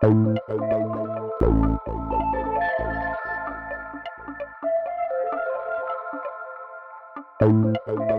Thank you.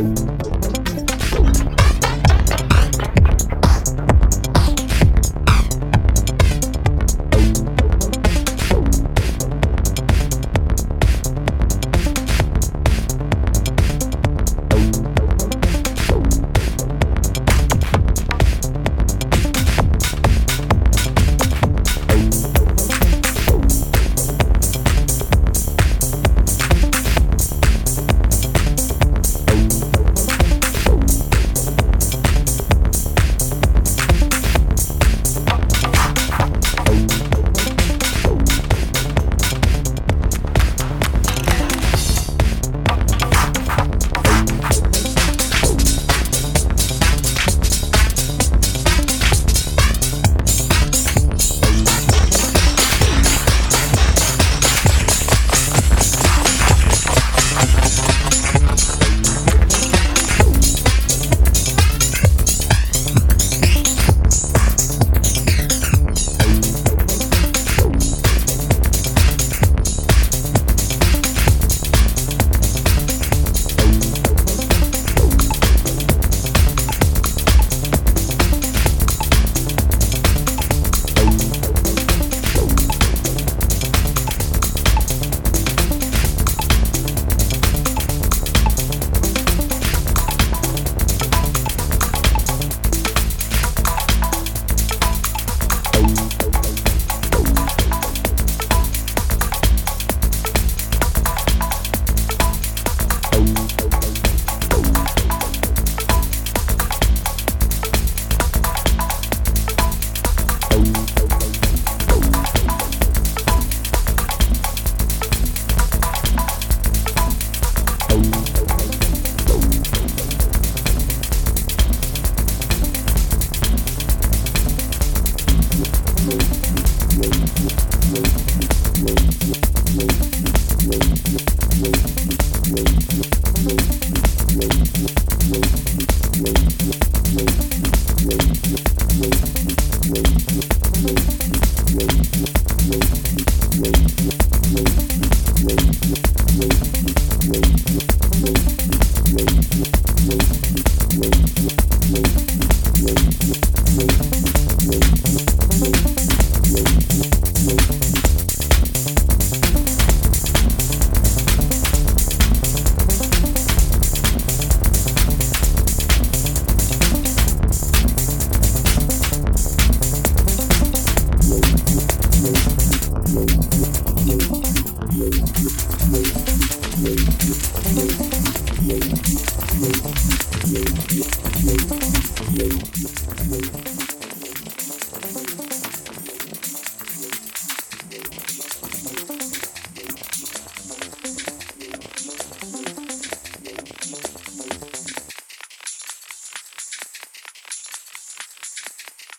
you Thank Thank you.